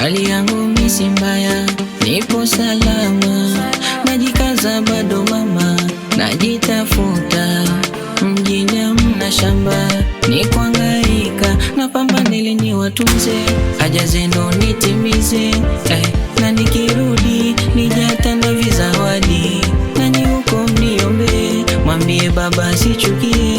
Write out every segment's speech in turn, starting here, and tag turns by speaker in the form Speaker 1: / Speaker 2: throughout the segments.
Speaker 1: hali yangu misi mbaya, nipo salama, najikaza bado mama, najitafuta mjini, hamna shamba, ni kuangaika na pambana ni watunze haja zenu nitimize, eh, na nikirudi nijatanda vizawadi, nanyi huko mniombe, mwambie baba sichukie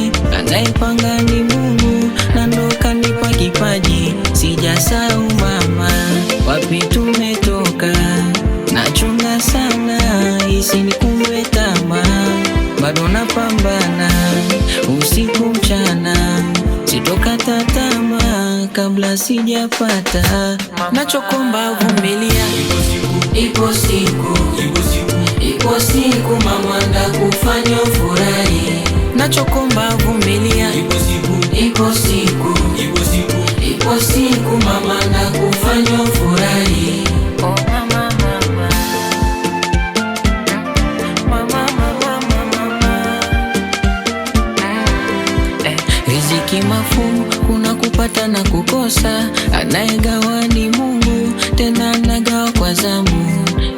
Speaker 1: kabla sijapata, nachokomba vumilia, ipo siku, ipo siku mama ndakufanya furahi, nachokomba vumilia, ipo siku, ipo siku mama ndakufanya furahi kuna kupata na kukosa, anayegawa ni Mungu, tena anagawa kwa zamu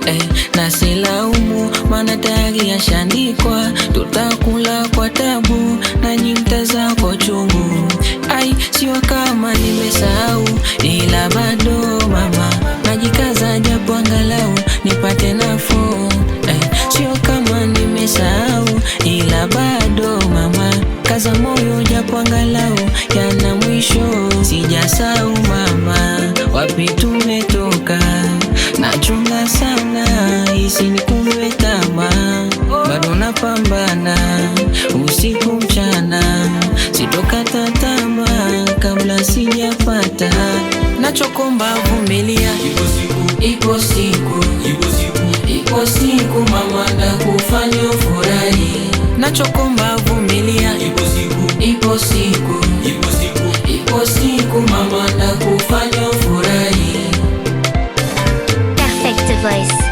Speaker 1: eh, na silaumu, maana tayari yashandikwa, tutakula kwa tabu na nyi mtazaa kwa chungu. Ai, sio kama nimesahau, ila bado mama najikaza, japo angalau nipate nafuu eh, sio kama nimesahau, ila bado mama kaza moyo, japo angalau Nasau mama, wapi tumetoka, nachunga sana isinikumbe tamaa, bado napambana usiku mchana, sitokata tamaa kabla sijapata nachokomba, vumilia, ipo siku, ipo siku mama, na nakufanya ufurahi, nachokomba place.